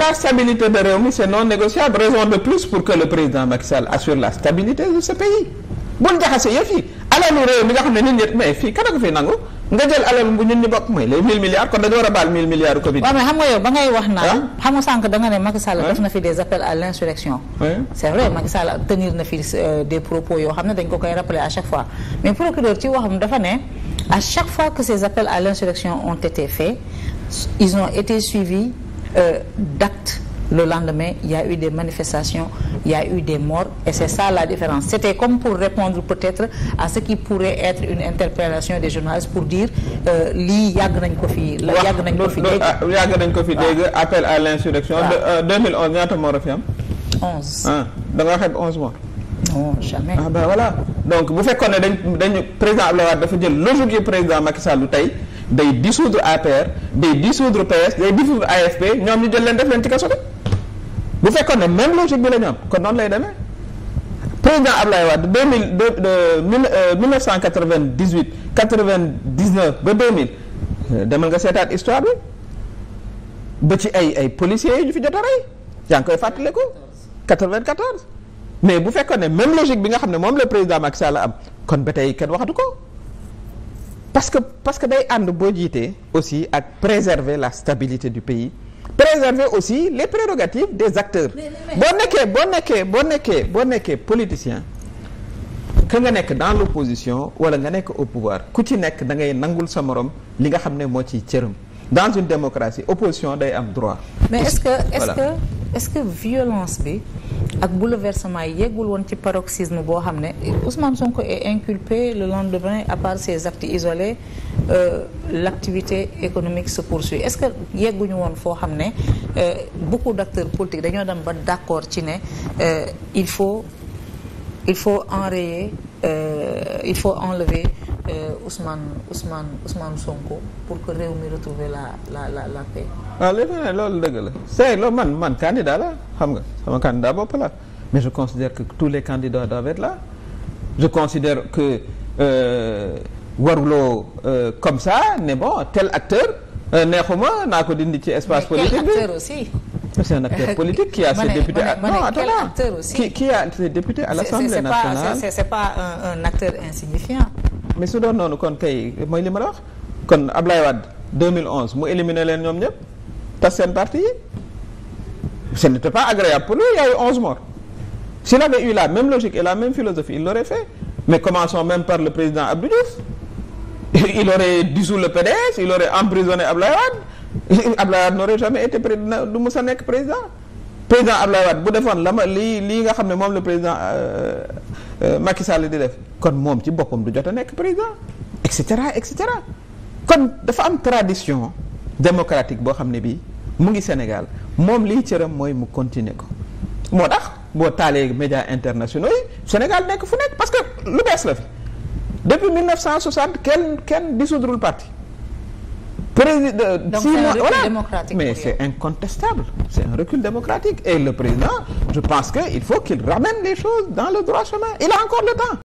la stabilité de réew mi c'est non négociable raison de plus pour que le président Macky assure la stabilité de ce pays bul jaxase yëf yi alalu réew mi nga xam ne nit ñi mais fii kan a ko fi nangu nga jël alal bu ñun ñu bokk mooy les milliards kon dañu war a baal 1000 milliards u Covid waaw mais ba ngay wax naan xam nga sànq ne Macky Sall na fi des appels à l'insurrection c'est vrai ah. Macky tenir na fi euh, des propos yoo xam ne dañ ko koy rappeler à chaque fois mais procureur ci waxam Euh, d'actes le lendemain il y a eu des manifestations il y a eu des morts et c'est ça la différence c'était comme pour répondre peut-être à ce qui pourrait être une interpellation des journalistes pour dire euh, lii yàgg nañ ko fi la yàgg nañ ko fi dégg ah, nañ ko fi dégg appel à l'insurrection 2011 euh, ñaata moo fi am 11 ah, da nga xeeb 11 morts non jamais ah ben voilà donc bu fekkoon ne dañ dañ président Abdoulaye Wade dafa jël logique yu président Macky tey day dissoudre APR day dissoudre PS day dissoudre AFP ñoom ñu jël leen def leen ci kaso bi bu fekkoon ne même logique bi la ñu am kon noonu lay deme président Abdoulaye Wade deux mille deux de mille euh, mille neuf cent quatre vingt dix huit quatre vingt dix neuf ba deux mille euh, demal nga seetaat histoire bi ba ci ay ay policiers yi ñu fi jot a rey yaa ngi koy fàttaliku. 94. mais bu fekkoon ne même logique bi nga xam ne moom la président Macky Sall am kon ba tey kenn waxatu ko parce que parce que day ànd boo jiitee aussi ak préserver la stabilité du pays préserver aussi les prérogatives des acteurs boo nekkee boo nekkee boo nekkee boo nekkee politicien que nga nekk dans l'opposition wala nga nekk au pouvoir ku ci nekk da ngay nangul sa morom li nga xam ne moo ciy cëram dans une démocratie opposition day am droit est-ce que violence bi ak bouleversement yi yeggul woon ci paroxysme boo xam ne Ousmane ko est inculpé le lendemain à part ses actes isolés euh, l'activité économique se poursuit est-ce que yegguñu woon foo xam ne euh, beaucoup d'acteurs politiques dañoo dem ba d'accord ci ne euh, il faut il faut enrayer euh, il faut enlever Ousmane Ousmane Ousmane Sonko pour que réew mi retrouver la la la la paix. waaw ah, léeg-léeg loolu dëgg la c'est loolu man man candidat la xam nga sama candidat bopp la mais je considère que tous les candidats doivent être là je considère que euh, waruloo euh, comme ça ne bon tel acteur euh, neexuma naa ko dindi ci espace politique bi acteur aussi. c'est un a ses députés à... non attends qui, qui a ses députés à l'Assemblée nationale c'est pas un, mais su doon noonu kon kay mooy li ma la wax kon Ablaye Wade 2011 mu leen ñoom ñëpp tas seen parti yi ce n'était pas agréable pour lui il y a eu 11 morts s'il avait eu la même logique et la même philosophie il l'aurait fait mais commençons même par le président Abdou Diouf il aurait dissous le PDS il aurait emprisonné Ablaye Wade Ablaye Wade n'aurait jamais été président du musa nekk président président Ablaye Wade bu defoon la ma lii lii nga xam ne moom le président euh, euh, Macky Sall di def kon moom ci boppam du jot a nekk président et cetera et cetera kon dafa am tradition démocratique boo xam ne bii mu ngi Sénégal moom liy cëram mooy mu continuer ko moo tax boo taalee médias internationaux yi Sénégal nekk fu nekk parce que lu bees la fi depuis 1960 kenn kenn dissoudrul parti. président euh, donc c'est un recul démocratique mais c'est incontestable c'est un recul démocratique et le président je pense que il faut qu'il ramène les choses dans le droit chemin il a encore le temps